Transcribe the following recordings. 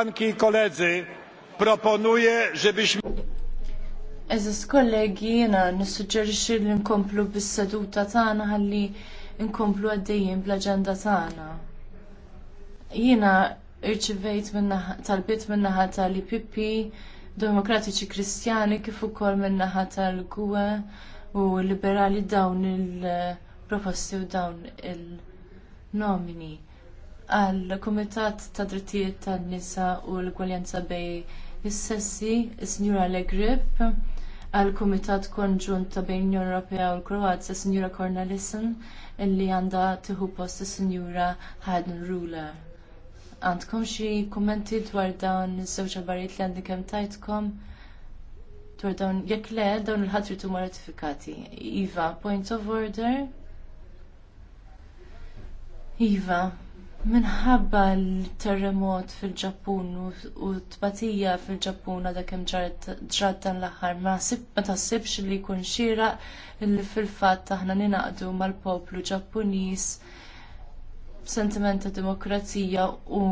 Anki koledzy, proponuje, żebyśmy... Eżis kollegi, jena nissuġġerixxi li nkomplu bis-seduta tagħna ħalli nkomplu għaddejjin bl-aġenda tagħna. Jiena irċivejt talbiet min-naħa tal-IPP, Demokratiċi Kristjani kif ukoll min-naħa tal-GUE u Liberali dawn il-proposti u dawn il-nomini għal Kumitat ta' Drittijiet tan-Nisa u l-Gwaljanza bej is-sessi, is-Sinjura Legrip, għal Kumitat Konġunt ta' bejn Unjoni Ewropea u l-Kroazja, Sinjura Cornelissen, illi għandha tieħu post is-Sinjura Hayden Ruler. Għandkom xi kummenti dwar dawn iż-żewġ affarijiet li għandi kemm tajtkom? dwar dawn jekk le dawn il-ħatri huma ratifikati. Iva, point of order. Iva, Minħabba l-terremot fil-ġappun u t-batija fil-ġappun għadha kemm ġrat dan l-aħħar ma taħsibx li jkun xieraq li fil-fatt aħna ninaqdu mal-poplu Ġappuniż b'sentiment ta' demokrazija u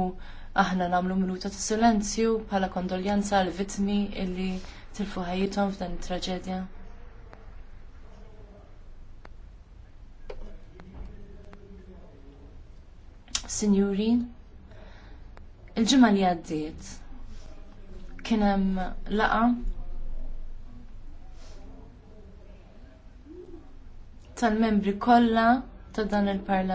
aħna nagħmlu minuta ta' silenzju bħala kondoljanza għall vittmi illi tilfu ħajjithom f'dan it-traġedja. Signori, il-ġimgħa li għaddiet kien hemm laqa tal-membri kollha ta' dan il-parlament.